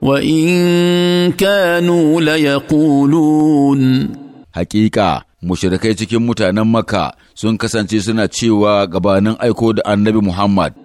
وإن ya ليقولون Haƙiƙa, mushirikai cikin mutanen Makka sun kasance suna cewa gabanin aiko da annabi Muhammad